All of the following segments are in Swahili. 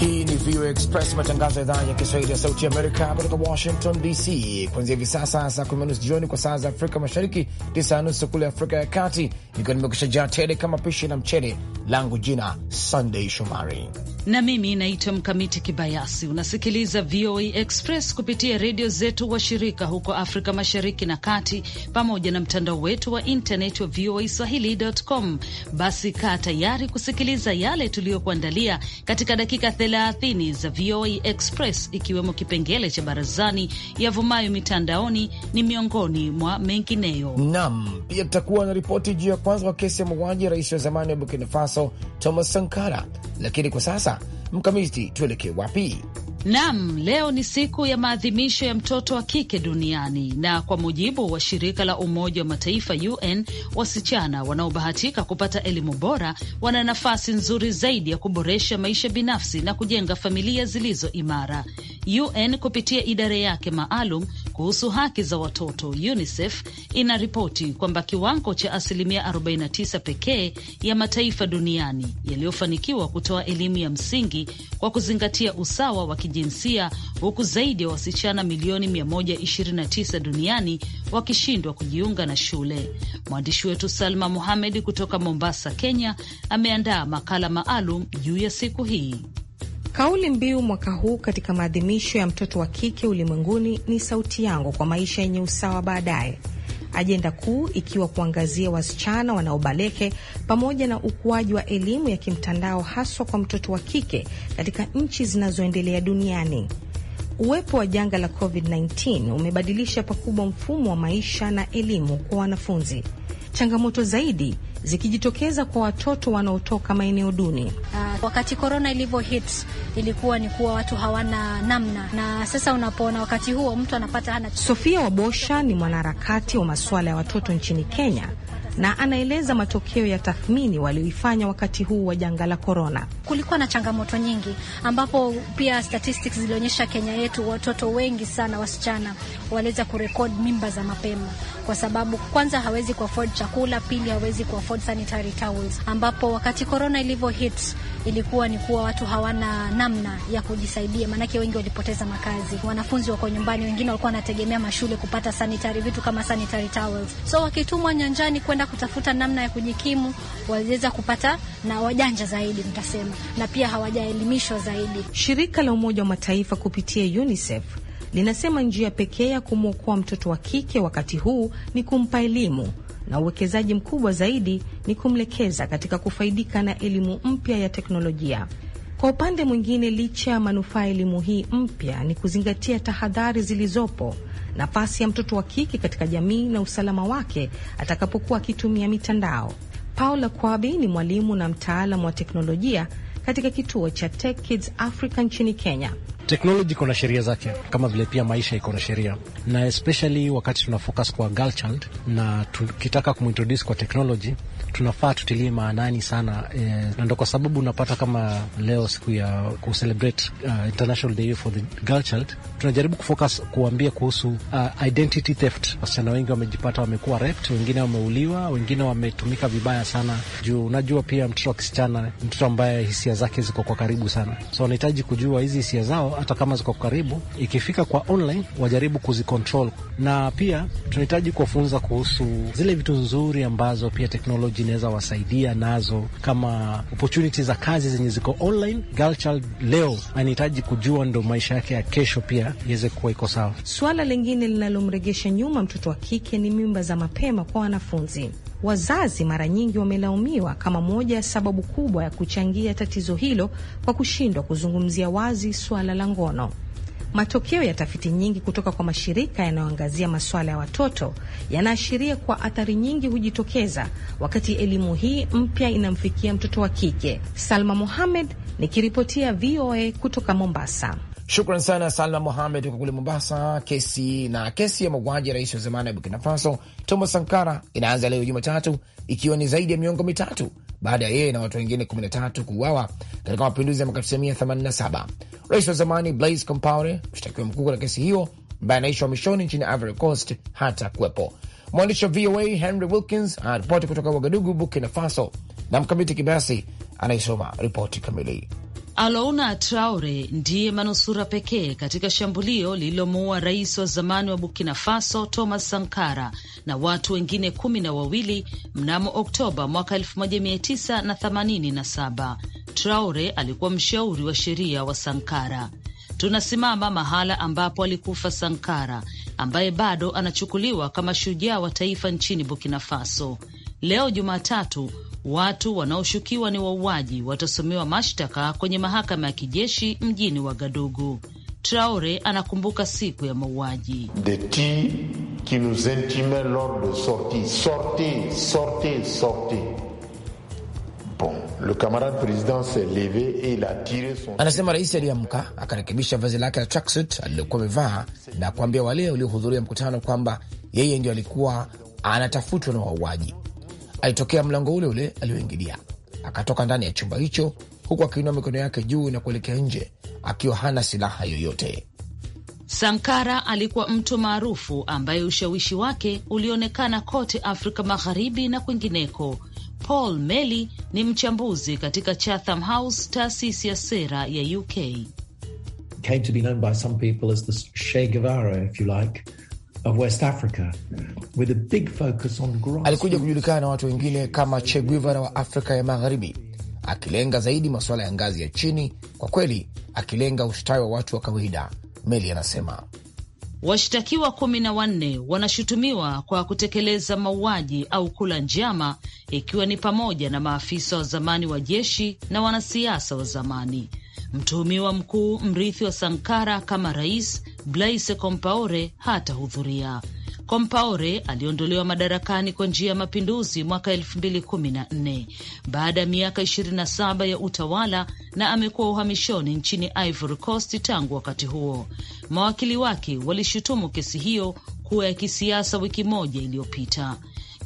Hii ni VOA Express, matangazo ya idhaa ya Kiswahili ya Sauti Amerika kutoka Washington DC, kuanzia hivi sasa saa kumi na nusu jioni kwa saa za Afrika Mashariki, tisa na nusu kule Afrika ya Kati, ikiwa nimekusha jaa tele kama pishi la mchele langu. Jina Sunday Shomari na mimi naitwa Mkamiti Kibayasi. Unasikiliza VOA Express kupitia redio zetu washirika huko Afrika Mashariki na Kati, pamoja na mtandao wetu wa intnet wa VOA Swahili.com. Basi kaa tayari kusikiliza yale tuliyokuandalia katika dakika thelathini za VOA Express, ikiwemo kipengele cha barazani, yavumayo mitandaoni ni miongoni mwa mengineyo. Nam pia tutakuwa na ripoti juu ya kwanza kwa kesi ya mauaji ya rais wa zamani wa Burkina Faso Thomas Sankara. Lakini kwa sasa, Mkamiti, tuelekee wapi? Nam, leo ni siku ya maadhimisho ya mtoto wa kike duniani, na kwa mujibu wa shirika la Umoja wa Mataifa UN, wasichana wanaobahatika kupata elimu bora wana nafasi nzuri zaidi ya kuboresha maisha binafsi na kujenga familia zilizo imara. UN kupitia idara yake maalum kuhusu haki za watoto UNICEF inaripoti kwamba kiwango cha asilimia 49 pekee ya mataifa duniani yaliyofanikiwa kutoa elimu ya msingi kwa kuzingatia usawa wa kijinsia, huku zaidi ya wasichana milioni 129 duniani wakishindwa kujiunga na shule. Mwandishi wetu Salma muhamed kutoka Mombasa, Kenya, ameandaa makala maalum juu ya siku hii. Kauli mbiu mwaka huu katika maadhimisho ya mtoto wa kike ulimwenguni ni sauti yangu kwa maisha yenye usawa baadaye, ajenda kuu ikiwa kuangazia wasichana wanaobaleke pamoja na ukuaji wa elimu ya kimtandao haswa kwa mtoto wa kike katika nchi zinazoendelea duniani. Uwepo wa janga la COVID-19 umebadilisha pakubwa mfumo wa maisha na elimu kwa wanafunzi. Changamoto zaidi zikijitokeza kwa watoto wanaotoka maeneo duni. Uh, wakati korona ilivyo hit ilikuwa ni kuwa watu hawana namna, na sasa unapoona wakati huo mtu anapata hana. Sofia Wabosha ni mwanaharakati wa masuala ya watoto nchini Kenya na anaeleza matokeo ya tathmini walioifanya wakati huu wa janga la korona. Kulikuwa na changamoto nyingi, ambapo pia statistics zilionyesha Kenya yetu watoto wengi sana wasichana waliweza kurekodi mimba za mapema kwa sababu kwanza hawezi kuafford chakula, pili hawezi kuafford sanitary towels, ambapo wakati corona ilivyo hit ilikuwa ni kuwa watu hawana namna ya kujisaidia, maanake wengi walipoteza makazi, wanafunzi wako nyumbani, wengine walikuwa wanategemea mashule kupata sanitary vitu kama sanitary towels. So wakitumwa nyanjani kwenda kutafuta namna ya kujikimu, waliweza kupata na wajanja zaidi mtasema, na pia hawajaelimishwa zaidi. Shirika la Umoja wa Mataifa kupitia UNICEF linasema njia pekee ya kumwokoa mtoto wa kike wakati huu ni kumpa elimu na uwekezaji mkubwa zaidi ni kumlekeza katika kufaidika na elimu mpya ya teknolojia. Kwa upande mwingine, licha ya manufaa ya elimu hii mpya, ni kuzingatia tahadhari zilizopo, nafasi ya mtoto wa kike katika jamii na usalama wake atakapokuwa akitumia mitandao. Paula Kwabi ni mwalimu na mtaalamu wa teknolojia katika kituo cha Tech Kids Africa nchini Kenya. Teknoloji iko na sheria zake, kama vile pia maisha iko na sheria, na especially wakati tuna focus kwa girl child na tukitaka kumintroduce kwa teknoloji tunafaa tutilie maanani sana eh, na ndo kwa sababu unapata kama leo siku ya kucelebrate uh, International Day for the Girl Child, tunajaribu kufocus kuambia kuhusu uh, identity theft. Wasichana wengi wamejipata wamekuwa raped, wengine wameuliwa, wengine wametumika vibaya sana juu unajua pia mtoto wa kisichana mtoto ambaye hisia zake ziko kwa karibu sana, so wanahitaji kujua hizi hisia zao hata kama ziko karibu, ikifika kwa online wajaribu kuzikontrol. Na pia tunahitaji kuwafunza kuhusu zile vitu nzuri ambazo pia teknoloji inaweza wasaidia nazo, kama opportunities za kazi zenye ziko online. Girl child leo anahitaji kujua ndo maisha yake ya kesho pia iweze kuwa iko sawa. Swala lingine linalomregesha nyuma mtoto wa kike ni mimba za mapema kwa wanafunzi. Wazazi mara nyingi wamelaumiwa kama moja ya sababu kubwa ya kuchangia tatizo hilo kwa kushindwa kuzungumzia wazi suala la ngono. Matokeo ya tafiti nyingi kutoka kwa mashirika yanayoangazia masuala ya watoto yanaashiria kwa athari nyingi hujitokeza wakati elimu hii mpya inamfikia mtoto wa kike. Salma Mohamed nikiripotia VOA kutoka Mombasa. Shukran sana Salma Muhamed huko kule Mombasa. Kesi na kesi ya mauaji ya rais wa zamani ya Burkina Faso Thomas Sankara inaanza leo Jumatatu, ikiwa ni zaidi ya miongo mitatu baada ya yeye na watu wengine 13 kuuawa katika mapinduzi ya mwaka 1987. Rais wa zamani Blaise Compaore, mshtakiwa mkuu katika kesi hiyo, ambaye anaishi uhamishoni nchini Ivory Coast, hata kuwepo. Mwandishi wa VOA Henry Wilkins anaripoti kutoka Wagadugu, Burkina Faso, na Mkamiti Kibayasi anaisoma ripoti kamili alouna Traore ndiye manusura pekee katika shambulio lililomuua rais wa zamani wa Burkina Faso Thomas Sankara na watu wengine kumi na wawili mnamo Oktoba mwaka 1987. Traore alikuwa mshauri wa sheria wa Sankara. Tunasimama mahala ambapo alikufa Sankara, ambaye bado anachukuliwa kama shujaa wa taifa nchini Burkina Faso. Leo Jumatatu Watu wanaoshukiwa ni wauaji watasomewa mashtaka kwenye mahakama ya kijeshi mjini Wagadugu. Traore anakumbuka siku ya mauaji. Anasema rais aliamka akarekebisha vazi lake la tracksuit alilokuwa amevaa na kuambia wale waliohudhuria mkutano kwamba yeye ndio alikuwa anatafutwa na wauaji alitokea mlango ule ule alioingilia, akatoka ndani ya chumba hicho huku akiinua mikono yake juu na kuelekea nje akiwa hana silaha yoyote. Sankara alikuwa mtu maarufu ambaye ushawishi wake ulionekana kote Afrika Magharibi na kwingineko. Paul Meli ni mchambuzi katika Chatham House, taasisi ya sera ya UK. Came to be known by some people as the Che Guevara, if you like of West Africa, with a big focus on grass. Alikuja kujulikana na watu wengine kama Che Guevara wa Afrika ya Magharibi, akilenga zaidi masuala ya ngazi ya chini, kwa kweli akilenga ustawi wa watu wa kawaida. Meli anasema washtakiwa kumi na wanne wanashutumiwa kwa kutekeleza mauaji au kula njama, ikiwa ni pamoja na maafisa wa zamani wa jeshi na wanasiasa wa zamani. Mtuhumiwa mkuu mrithi wa Sankara kama rais Blaise Compaore hatahudhuria. Compaore aliondolewa madarakani kwa njia ya mapinduzi mwaka 2014 baada ya miaka 27 ya utawala na amekuwa uhamishoni nchini Ivory Coast tangu wakati huo. Mawakili wake walishutumu kesi hiyo kuwa ya kisiasa wiki moja iliyopita.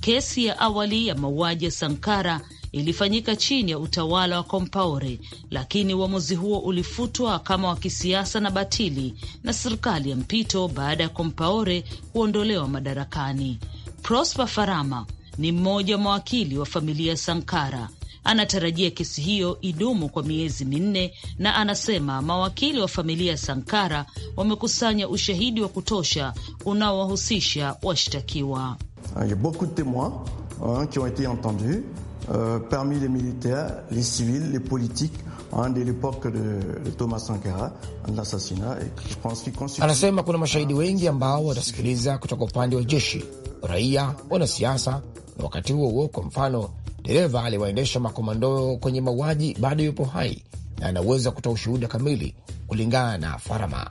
Kesi ya awali ya mauaji ya Sankara ilifanyika chini ya utawala wa kompaore lakini uamuzi huo ulifutwa kama wa kisiasa na batili na serikali ya mpito baada ya kompaore kuondolewa madarakani. Prosper Farama ni mmoja wa mawakili wa familia ya Sankara. Anatarajia kesi hiyo idumu kwa miezi minne, na anasema mawakili wa familia ya Sankara wamekusanya ushahidi wa kutosha unaowahusisha washtakiwa. Ah, euh, parmi les militaires, les civils, les politiques de l'époque de Thomas Sankara l'assassinat constitue... Anasema kuna mashahidi wengi ambao watasikiliza kutoka upande wa jeshi, raia, wanasiasa, na wakati huo huo, kwa mfano, dereva aliwaendesha makomando kwenye mauaji bado yupo hai na anaweza kutoa ushuhuda kamili kulingana na Farama.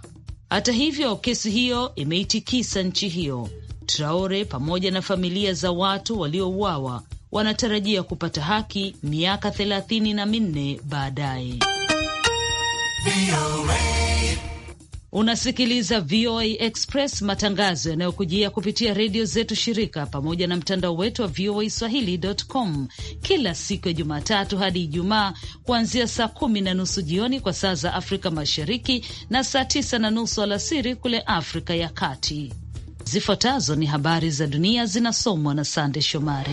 Hata hivyo, kesi hiyo imeitikisa nchi hiyo. Traore pamoja na familia za watu waliouawa wanatarajia kupata haki miaka thelathini na minne baadaye. Unasikiliza VOA Express, matangazo yanayokujia kupitia redio zetu shirika pamoja na mtandao wetu wa VOA Swahili.com kila siku ya Jumatatu hadi Ijumaa kuanzia saa kumi na nusu jioni kwa saa za Afrika Mashariki na saa tisa na nusu alasiri kule Afrika ya Kati. Zifuatazo ni habari za dunia zinasomwa na Sande Shomari.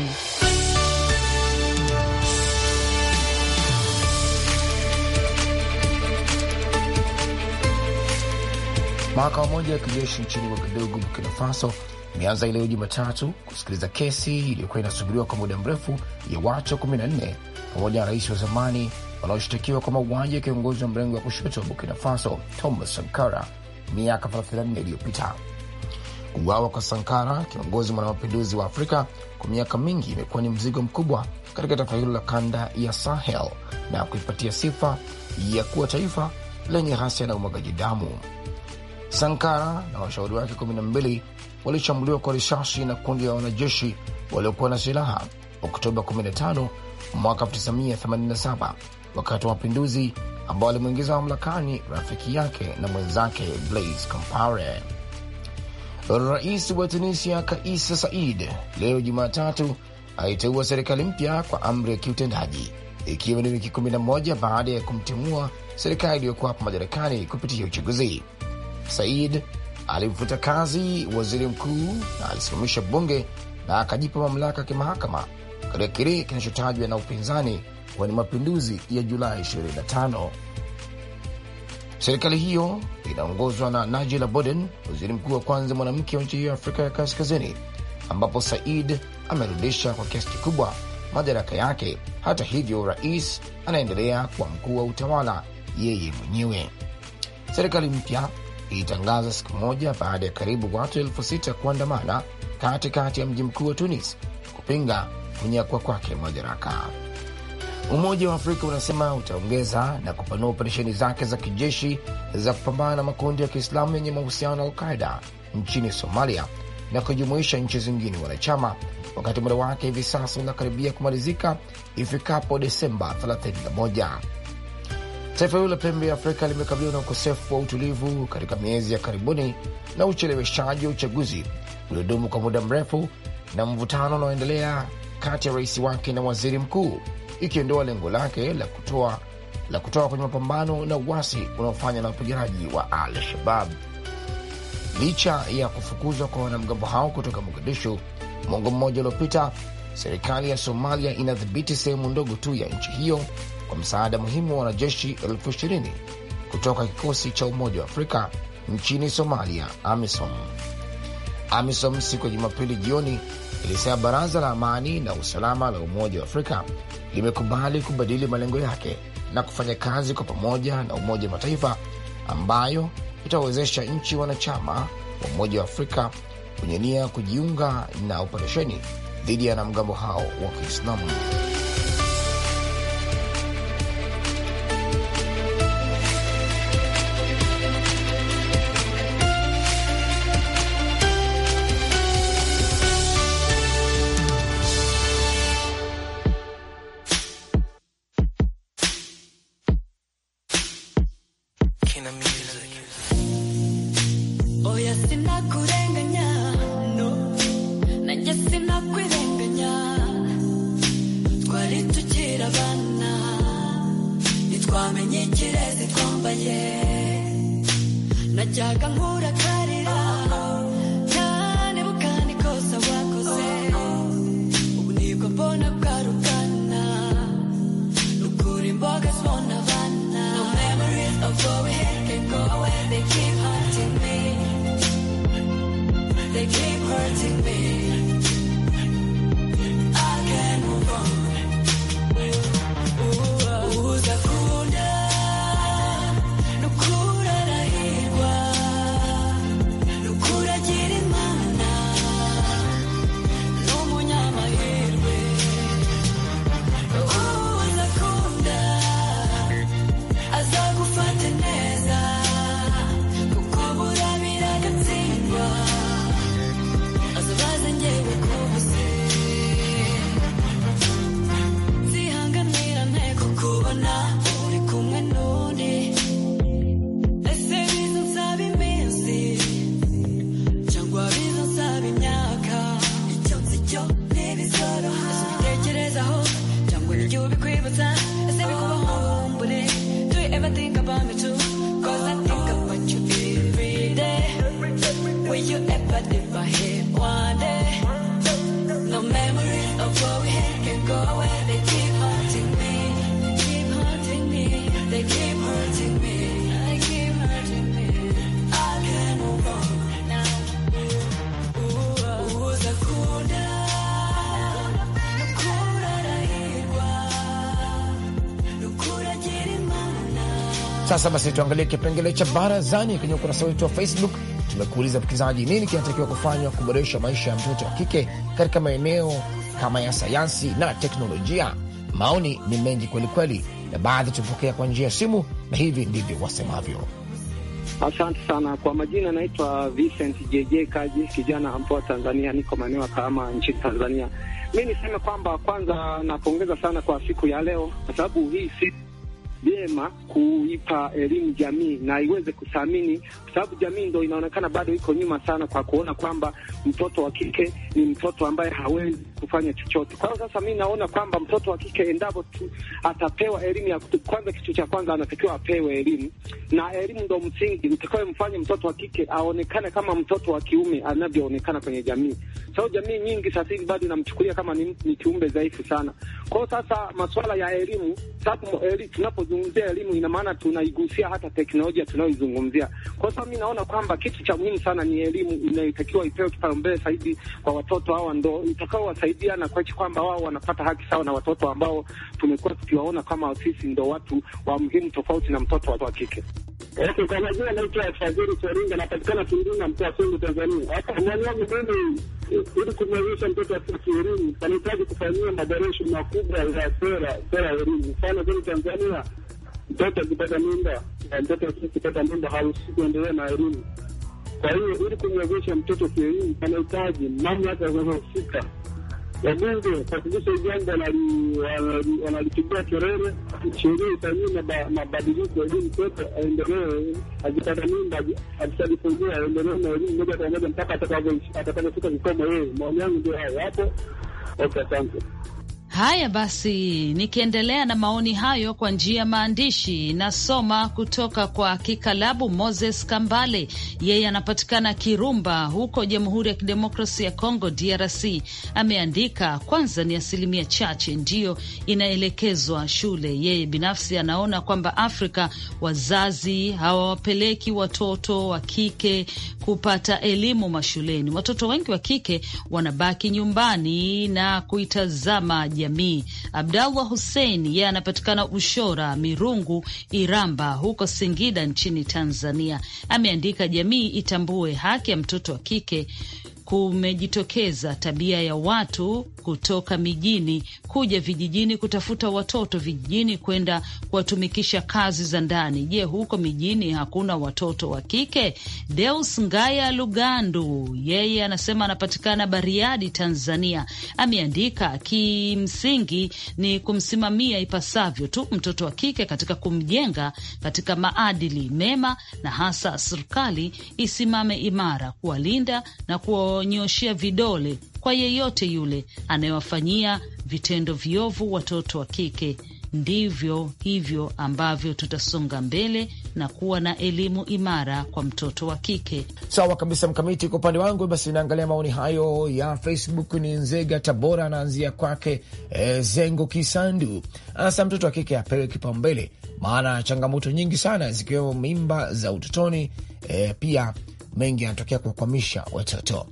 Mahakama moja ya kijeshi nchini Wagadugu, Burkina Faso imeanza leo Jumatatu kusikiliza kesi iliyokuwa inasubiriwa kwa muda mrefu ya watu 14 pamoja na rais wa zamani wanaoshtakiwa kwa mauaji ya kiongozi wa mrengo wa kushoto wa Burkina Faso Thomas Sankara miaka 34 iliyopita. Kuuawa kwa Sankara, kiongozi mwanamapinduzi wa Afrika, kwa miaka mingi imekuwa ni mzigo mkubwa katika taifa hilo la kanda ya Sahel na kuipatia sifa ya kuwa taifa lenye ghasia na umwagaji damu. Sankara na washauri wake 12 walishambuliwa kwa risasi na kundi la wanajeshi waliokuwa na silaha Oktoba 15 mwaka 1987 wakati wa mapinduzi ambao alimwingiza mamlakani rafiki yake na mwenzake Blaise Compaore. Rais wa Tunisia Kaisa Said leo Jumatatu aiteua serikali mpya kwa amri ya kiutendaji ikiwa ni wiki 11 baada ya kumtimua serikali iliyokuwa hapa madarakani kupitia uchaguzi. Said alimfuta kazi waziri mkuu na alisimamisha bunge na akajipa mamlaka ya kimahakama katika kile kinachotajwa na upinzani kuwa ni mapinduzi ya Julai 25. Serikali hiyo inaongozwa na Najila Boden, waziri mkuu wa kwanza mwanamke wa nchi hiyo ya Afrika ya Kaskazini, ambapo Said amerudisha kwa kiasi kikubwa madaraka yake. Hata hivyo, rais anaendelea kuwa mkuu wa utawala yeye mwenyewe. Serikali mpya ilitangaza siku moja baada ya karibu watu elfu sita kuandamana katikati ya mji mkuu wa Tunis kupinga kunyakwa kwake madaraka. Umoja wa Afrika unasema utaongeza na kupanua operesheni zake za kijeshi za kupambana na makundi ya Kiislamu yenye mahusiano na Alqaida nchini Somalia na kujumuisha nchi zingine wanachama, wakati muda wake hivi sasa unakaribia kumalizika ifikapo Desemba 31. Taifa hilo la pembe ya Afrika limekabiliwa na ukosefu wa utulivu katika miezi ya karibuni na ucheleweshaji wa uchaguzi uliodumu kwa muda mrefu na mvutano unaoendelea kati ya rais wake na waziri mkuu, ikiondoa lengo lake la kutoa la kutoa kwenye mapambano na uasi unaofanywa na wapiganaji wa Al-Shabab. Licha ya kufukuzwa kwa wanamgambo hao kutoka Mogadishu mwongo mmoja uliopita, serikali ya Somalia inadhibiti sehemu ndogo tu ya nchi hiyo kwa msaada muhimu wa wanajeshi elfu ishirini kutoka kikosi cha Umoja wa Afrika nchini Somalia, AMISOM. AMISOM siku ya Jumapili jioni ilisema baraza la amani na usalama la Umoja wa Afrika limekubali kubadili malengo yake na kufanya kazi kwa pamoja na Umoja wa Mataifa ambayo itawezesha nchi wanachama wa Umoja wa Afrika kwenye nia kujiunga na operesheni dhidi ya wanamgambo hao wa Kiislamu. Kina Music. Oya sinakurenganya no nanjye sinakwirenganya twari tukiri abana ntitwamenye ikirezi twambaye najyaga nkuraka Sasa basi, tuangalie kipengele cha barazani kwenye ukurasa wetu wa Facebook. Tumekuuliza msikilizaji, nini kinatakiwa kufanywa kuboresha maisha ya mtoto wa kike katika maeneo kama ya sayansi na teknolojia? Maoni ni mengi kwelikweli, na baadhi tumepokea kwa njia ya simu, na hivi ndivyo wasemavyo. Asante sana kwa majina, naitwa Vincent JJ Kaji, kijana ampoa Tanzania, niko maeneo ya Kahama nchini Tanzania. Mi niseme kwamba kwanza napongeza sana kwa siku ya leo, kwa sababu hii siku vyema kuipa elimu jamii na iweze kuthamini, kwa sababu jamii ndo inaonekana bado iko nyuma sana kwa kuona kwamba mtoto wa kike ni mtoto ambaye hawezi kufanya chochote. Kwa hiyo sasa, mi naona kwamba mtoto wa kike endapo tu atapewa elimu ya kwanza, kitu cha kwanza anatakiwa apewe elimu, na elimu ndo msingi utakayemfanya mtoto wa kike aonekane kama mtoto wa kiume anavyoonekana kwenye jamii. Sasa So jamii nyingi sasa hivi bado inamchukulia kama ni, ni kiumbe dhaifu sana. Kwa hiyo sasa, masuala ya elimu, sababu eli, tunapozungumzia elimu ina maana tunaigusia hata teknolojia tunayoizungumzia. Kwa hiyo mi naona kwamba kitu cha muhimu sana ni elimu inayotakiwa ipewe kipaumbele zaidi kwa watoto hawa, ndo itakayowasaidia kuwasaidia na kuhakikisha kwamba wao wanapata haki sawa na watoto ambao tumekuwa tukiwaona kama sisi ndo watu wa muhimu tofauti na mtoto wa kike. Kwa majina naitwa Fadhili Soringa, napatikana Tunduma, mkoa wa Songwe, Tanzania. mimi, ili kumwezesha mtoto panahitaji kufanyia maboresho makubwa ya sera sera ya elimu. Mfano Tanzania, mtoto akipata mimba na mtoto mimba kuendelea na elimu. Kwa hiyo ili kumwezesha mtoto kielimu, panahitaji mamlaka zinazohusika wabunge kuhakikisha jambo wanalipigia kelele, sheria ifanyie mabadiliko, ili mtoto aendelee akipata mimba, akishajifungua aendelee na elimu moja kwa moja mpaka atakavyofika kikomo. Yeye maoni yangu ndio hayo hapo. Okay, asante. Haya basi, nikiendelea na maoni hayo kwa njia ya maandishi, nasoma kutoka kwa Kikalabu Moses Kambale, yeye anapatikana Kirumba huko Jamhuri ya Kidemokrasi ya congo DRC. Ameandika, kwanza ni asilimia chache ndiyo inaelekezwa shule. Yeye binafsi anaona kwamba Afrika wazazi hawawapeleki watoto wa kike kupata elimu mashuleni. Watoto wengi wa kike wanabaki nyumbani na kuitazama kijamii. Abdallah Hussein yeye anapatikana Ushora, Mirungu, Iramba huko Singida nchini Tanzania, ameandika jamii itambue haki ya mtoto wa kike kumejitokeza tabia ya watu kutoka mijini kuja vijijini kutafuta watoto vijijini kwenda kuwatumikisha kazi za ndani. Je, huko mijini hakuna watoto wa kike? Deus Ngaya Lugandu yeye anasema anapatikana Bariadi, Tanzania. Ameandika kimsingi ni kumsimamia ipasavyo tu mtoto wa kike katika kumjenga katika maadili mema, na hasa serikali isimame imara kuwalinda na kuwa kutowanyoshea vidole kwa yeyote yule anayewafanyia vitendo viovu watoto wa kike. Ndivyo hivyo ambavyo tutasonga mbele na kuwa na elimu imara kwa mtoto wa kike. Sawa kabisa, Mkamiti. Kwa upande wangu basi, naangalia maoni hayo ya Facebook. Ni Nzega Tabora, anaanzia kwake e, Zengo Kisandu anasema mtoto wa kike apewe kipaumbele, maana changamoto nyingi sana zikiwemo mimba za utotoni. E, pia mengi yanatokea kuwakwamisha watoto.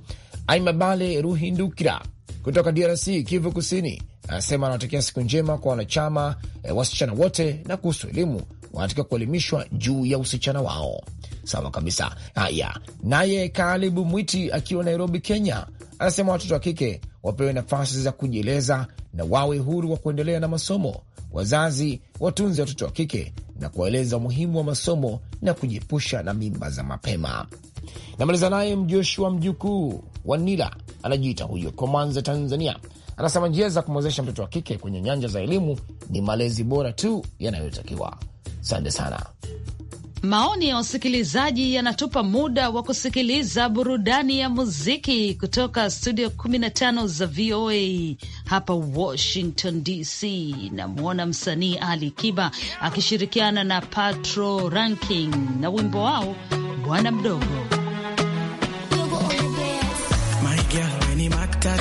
Aimabale Ruhindukira kutoka DRC, Kivu Kusini, anasema anawatakia siku njema kwa wanachama e, wasichana wote, na kuhusu elimu wanatakiwa kuelimishwa juu ya usichana wao. Sawa kabisa. Haya, naye kalibu Mwiti akiwa Nairobi, Kenya, anasema watoto wa kike wapewe nafasi za kujieleza na wawe huru wa kuendelea na masomo. Wazazi watunze watoto wa kike na kuwaeleza umuhimu wa masomo na kujiepusha na mimba za mapema. Namaliza naye Mjoshua mjukuu wa Nila, anajiita huyo kwa Mwanza, Tanzania. Anasema njia za kumwezesha mtoto wa kike kwenye nyanja za elimu ni malezi bora tu yanayotakiwa. Asante sana. Maoni ya wasikilizaji yanatupa muda wa kusikiliza burudani ya muziki kutoka studio 15 za VOA hapa Washington DC. Namwona msanii Ali Kiba akishirikiana na Patro Ranking na wimbo wao Bwana Mdogo.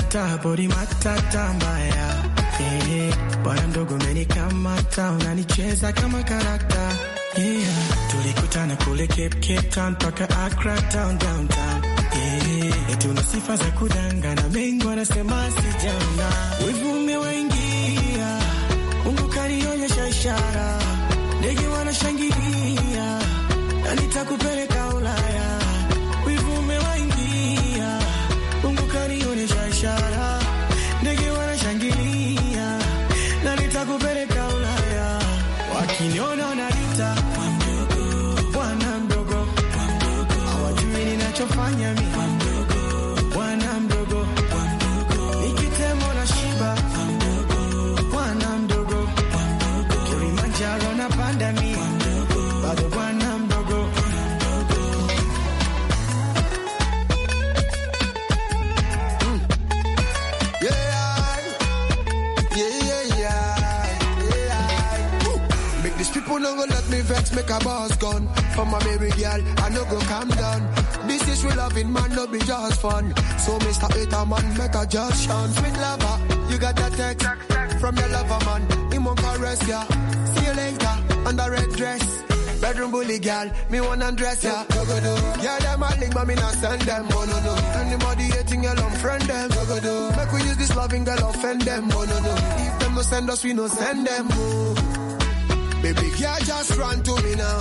matata, body matata mbaya yeah. Bwana ndogo umenikamata, unanicheza kama karakta yeah. Tulikutana kule Cape, Cape Town mpaka Accra town downtown yeah. Eti una sifa za kudanga na mengi wanasema sijana, wivu umewaingia, Mungu kanionyesha ishara, ndege wanashangilia na nitakupeleka walichofanya mimi wana mdogo nikitemo na shiba wana mdogo Kilimanjaro na panda mimi bado wana mdogo mm. yeah. Yeah, yeah, yeah. Make these people go let me vex, make a boss gone for my baby girl, I no go calm down. This is real loving, man, no be just fun. So, Mr. Hater, man, make a just shun. Sweet lover, you got that text from your lover, man. He won't caress ya. See you later, under red dress. Bedroom bully girl, me wanna dress ya. Go go do. Yeah, them a link, but me not send them. Oh no no. Anybody hating girl, I'm friend them. Go go do. Make we use this loving girl, offend them. Oh no no. If them no send us, we no send them. Oh. Baby girl, just run to me now.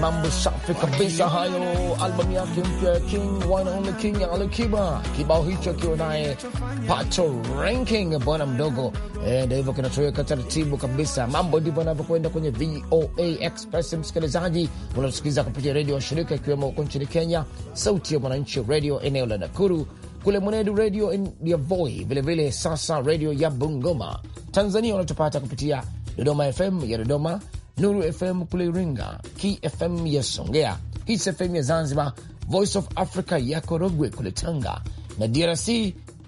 mambo safi kabisa hayo, albamu yake mpya ya King One Only King ya Alikiba, kibao hicho akiwa naye Pato Ranking, bwana mdogo. Ndio hivyo kinatoweka taratibu kabisa, mambo ndivyo anavyokwenda kwenye VOA Express. Msikilizaji unatusikiliza kupitia redio wa shirika ikiwemo huko nchini Kenya, Sauti ya Mwananchi Radio eneo la Nakuru, kule Mwenedu redio ya Voi, vilevile sasa Radio ya Bungoma. Tanzania unatupata kupitia Dodoma FM ya Dodoma, Nuru FM kule Iringa, KFM ya Songea, Hits FM ya Zanzibar, Voice of Africa ya Korogwe kule Tanga na DRC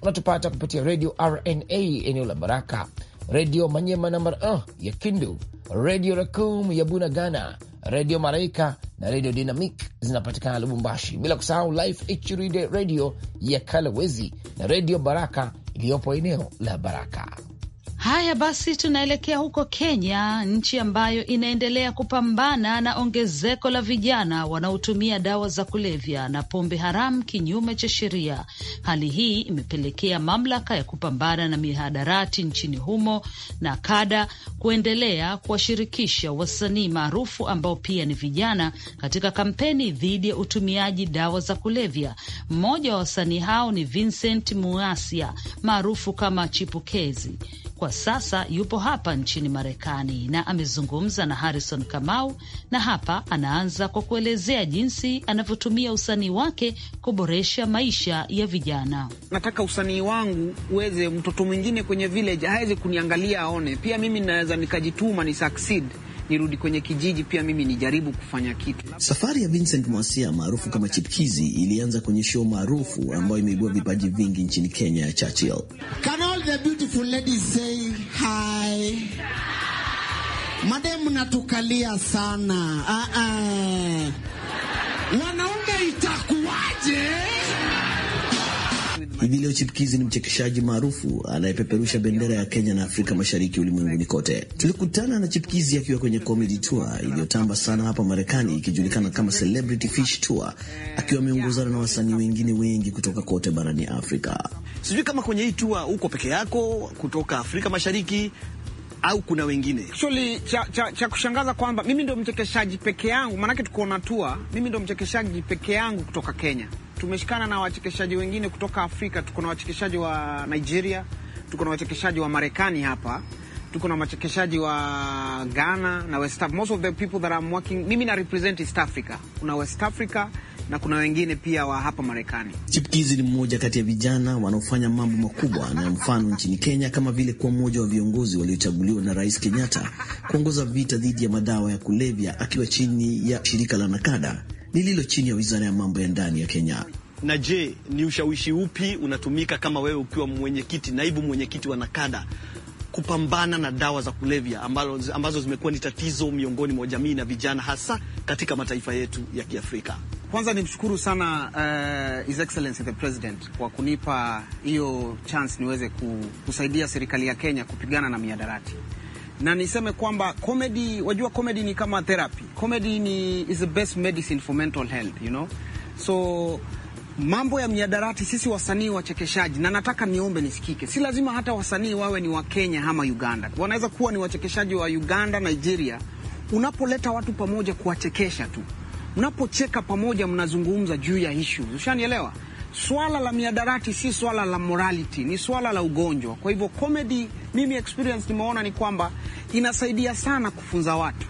unatupata kupitia redio RNA eneo la Baraka, redio Manyema namber uh, ya Kindu, redio Rakum ya Bunagana, redio Maraika na redio Dynamic zinapatikana Lubumbashi, bila kusahau Life HD redio ya kalawezi na redio Baraka iliyopo eneo la Baraka. Haya basi, tunaelekea huko Kenya, nchi ambayo inaendelea kupambana na ongezeko la vijana wanaotumia dawa za kulevya na pombe haramu kinyume cha sheria. Hali hii imepelekea mamlaka ya kupambana na mihadarati nchini humo na kada kuendelea kuwashirikisha wasanii maarufu ambao pia ni vijana katika kampeni dhidi ya utumiaji dawa za kulevya. Mmoja wa wasanii hao ni Vincent Muasia maarufu kama Chipukezi kwa sasa yupo hapa nchini Marekani na amezungumza na Harrison Kamau, na hapa anaanza kwa kuelezea jinsi anavyotumia usanii wake kuboresha maisha ya vijana. Nataka usanii wangu uweze, mtoto mwingine kwenye village hawezi kuniangalia aone, pia mimi naweza nikajituma ni succeed nirudi kwenye kijiji, pia mimi nijaribu kufanya kitu. Safari ya Vincent Mwasia maarufu kama Chipkizi ilianza kwenye show maarufu ambayo imeibua vipaji vingi nchini Kenya ya Churchill. Can all the beautiful ladies say hi? Madam, natukalia sana. Uh -uh. Hivi leo Chipkizi ni mchekeshaji maarufu anayepeperusha bendera ya Kenya na Afrika Mashariki ulimwenguni kote. Tulikutana na Chipkizi akiwa kwenye comedy tour iliyotamba sana hapa Marekani ikijulikana kama Celebrity Fish Tour, akiwa ameongozana na wasanii wengine wengi kutoka kote barani Afrika. Sijui kama kwenye hii tour uko peke yako kutoka Afrika Mashariki au kuna wengine actually. Cha, cha, cha kushangaza kwamba mimi ndo mchekeshaji peke yangu, maanake tuko na tour, mimi ndo mchekeshaji peke yangu kutoka Kenya tumeshikana na wachekeshaji wengine kutoka Afrika. Tuko na wachekeshaji wa Nigeria, tuko na wachekeshaji wa Marekani hapa, tuko na wachekeshaji wa Ghana na West Africa. Most of the people that I'm working, mimi na represent East Africa. Kuna West Africa na kuna wengine pia wa hapa Marekani. Chipkizi ni mmoja kati ya vijana wanaofanya mambo makubwa na mfano nchini Kenya, kama vile kuwa mmoja wa viongozi waliochaguliwa na Rais Kenyatta kuongoza vita dhidi ya madawa ya kulevya akiwa chini ya shirika la Nakada lililo chini ya wizara ya mambo ya ndani ya Kenya. Na je, ni ushawishi upi unatumika kama wewe ukiwa mwenyekiti, naibu mwenyekiti wa Nakada kupambana na dawa za kulevya ambazo, ambazo zimekuwa ni tatizo miongoni mwa jamii na vijana hasa katika mataifa yetu ya Kiafrika? Kwanza nimshukuru sana uh, His Excellency the President kwa kunipa hiyo chance niweze kusaidia serikali ya Kenya kupigana na miadarati na niseme kwamba comedy, wajua comedy ni kama therapy. Comedy ni is the best medicine for mental health, you know so mambo ya miadarati, sisi wasanii wachekeshaji, na nataka niombe nisikike, si lazima hata wasanii wawe ni wa Kenya ama Uganda, wanaweza kuwa ni wachekeshaji wa Uganda, Nigeria. Unapoleta watu pamoja kuwachekesha tu, mnapocheka pamoja, mnazungumza juu ya issues, ushanielewa? swala la miadarati si swala la morality, ni swala la ugonjwa. Kwa hivyo comedy, mimi experience nimeona ni kwamba inasaidia sana kufunza watu,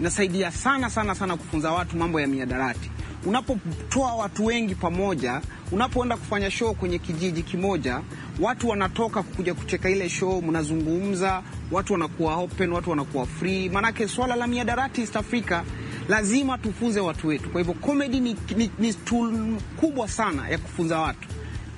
inasaidia sana sana sana kufunza watu mambo ya miadarati. Unapotoa watu wengi pamoja, unapoenda kufanya show kwenye kijiji kimoja, watu wanatoka kuja kucheka ile show, mnazungumza, watu wanakuwa open, watu wanakuwa free, maanake swala la miadarati East Africa lazima tufunze watu wetu. Kwa hivyo comedy ni, ni, ni tool kubwa sana ya kufunza watu,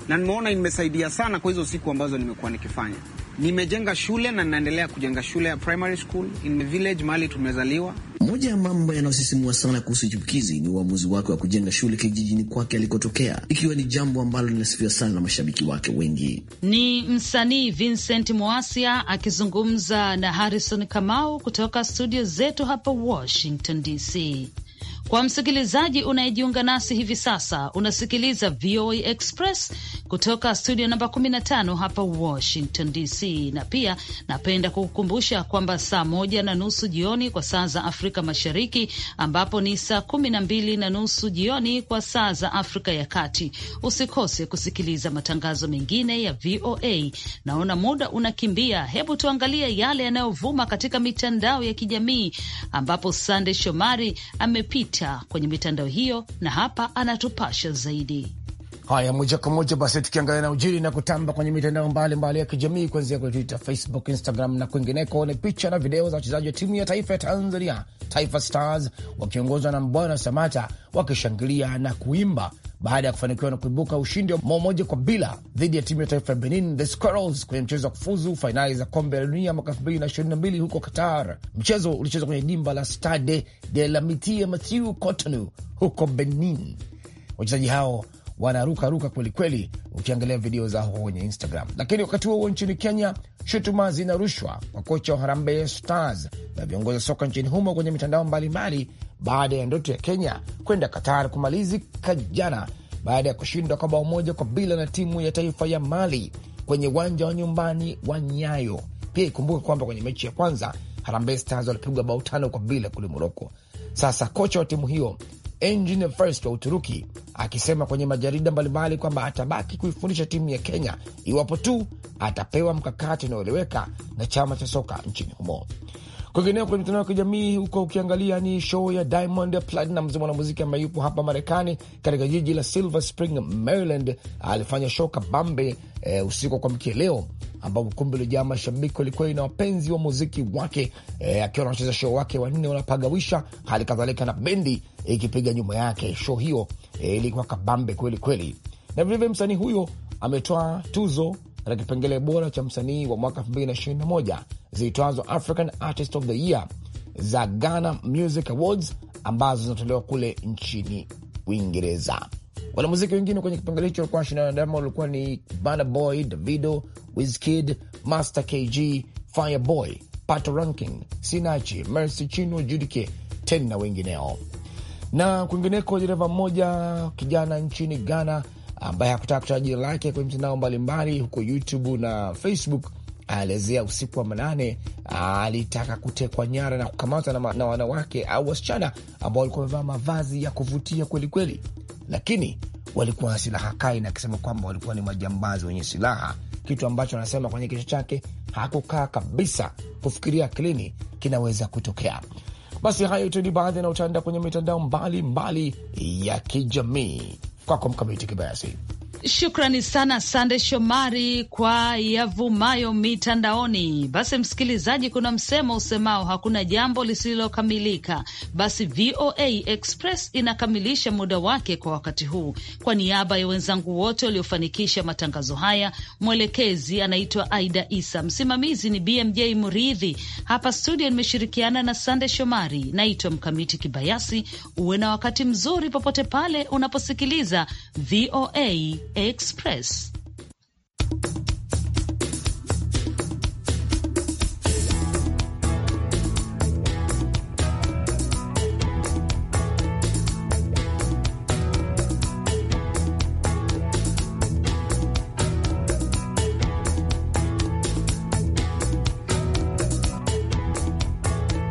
na nimeona imesaidia sana kwa hizo siku ambazo nimekuwa nikifanya. Nimejenga shule na ninaendelea kujenga shule ya primary school in the village mahali tumezaliwa moja ya mambo yanayosisimua sana kuhusu chipukizi ni uamuzi wake wa kujenga shule kijijini kwake alikotokea, ikiwa ni jambo ambalo linasifiwa sana na mashabiki wake wengi. Ni msanii Vincent Moasia akizungumza na Harrison Kamau kutoka studio zetu hapa Washington DC. Kwa msikilizaji unayejiunga nasi hivi sasa, unasikiliza VOA Express kutoka studio namba 15 hapa Washington DC, na pia napenda kukukumbusha kwamba saa moja na nusu jioni kwa saa za Afrika Mashariki, ambapo ni saa kumi na mbili na nusu jioni kwa saa za Afrika ya Kati, usikose kusikiliza matangazo mengine ya VOA. Naona muda unakimbia, hebu tuangalie yale yanayovuma katika mitandao ya kijamii, ambapo Sande Shomari amepita Twitter kwenye mitandao hiyo, na hapa anatupasha zaidi. Haya, moja kwa moja basi tukiangalia na ujiri na kutamba kwenye mitandao mbalimbali ya kijamii, kuanzia kwenye Twitter, Facebook, Instagram na kwingineko, ni picha na video za wachezaji wa timu ya taifa ya Tanzania, Taifa Stars, wakiongozwa na Mbwana Samata wakishangilia na kuimba baada ya kufanikiwa na kuibuka ushindi wa bao moja kwa bila dhidi ya timu ya taifa ya Benin, the Squirrels, kwenye mchezo wa kufuzu fainali za kombe la dunia mwaka mbili huko Qatar. Mchezo ulichezwa kwenye dimba la Stade de la Mitie Mathieu Cotonou huko Benin. Wachezaji hao wanarukaruka kwelikweli, ukiangalia video zao huko kwenye Instagram. Lakini wakati huo huo nchini Kenya, shutuma zina rushwa kwa kocha wa Harambee Stars na viongozi wa soka nchini humo kwenye mitandao mbalimbali baada ya ndoto ya Kenya kwenda Qatar kumalizika jana baada ya kushindwa kwa bao moja kwa bila na timu ya taifa ya Mali kwenye uwanja wa nyumbani wa Nyayo. Pia ikumbuke kwamba kwenye mechi ya kwanza Harambee Stars walipigwa bao tano kwa bila kule Moroko. Sasa kocha wa timu hiyo Engin First wa Uturuki akisema kwenye majarida mbalimbali kwamba atabaki kuifundisha timu ya Kenya iwapo tu atapewa mkakati unaoeleweka na chama cha soka nchini humo. Kwingineo kwenye mitandao ya kijamii huko, ukiangalia ni show ya Diamond Platnumz, mwanamuziki ambaye yupo hapa Marekani katika jiji la Silver Spring, Maryland. Alifanya show kabambe e, usiku kwa mkia leo, ambapo kumbi ulijaa mashabiki kwelikweli na wapenzi wa muziki wake e, akiwa anacheza show wake wanne wanapagawisha, hali kadhalika na bendi ikipiga e, nyuma yake. Show hiyo e, ilikuwa kabambe kwelikweli, na vilevile msanii huyo ametoa tuzo na kipengele bora cha msanii wa mwaka 2021 ziitwazo African Artist of the Year za Ghana Music Awards ambazo zinatolewa kule nchini Uingereza. Wanamuziki wengine kwenye kipengele hicho walikuwa shindanadama, walikuwa ni Burna Boy, Davido, Wizkid, Master KG, Fireboy, Pato Ranking, Sinachi, Mercy Chinwo, Judike Ten na wengineo. Na kwingineko, dereva mmoja kijana nchini Ghana ambaye hakutaka kutoa jina lake kwenye mitandao mbalimbali huko YouTube na Facebook, aelezea usiku wa manane alitaka kutekwa nyara na kukamatwa na, na wanawake au wasichana ambao walikuwa wamevaa mavazi ya kuvutia kwelikweli, lakini walikuwa na silaha kai, na akisema kwamba walikuwa ni majambazi wenye silaha, kitu ambacho anasema kwenye kichwa chake hakukaa kabisa kufikiria akilini kinaweza kutokea. Basi hayo tu ni baadhi yanaotanda kwenye mitandao mbalimbali ya kijamii. Kwako Mkamiti Kibayasi. Shukrani sana Sande Shomari kwa yavumayo mitandaoni. Basi msikilizaji, kuna msemo usemao hakuna jambo lisilokamilika. Basi VOA Express inakamilisha muda wake kwa wakati huu. Kwa niaba ya wenzangu wote waliofanikisha matangazo haya, mwelekezi anaitwa Aida Isa, msimamizi ni BMJ Muridhi. Hapa studio nimeshirikiana na Sande Shomari, naitwa Mkamiti Kibayasi. Uwe na wakati mzuri popote pale unaposikiliza VOA Express.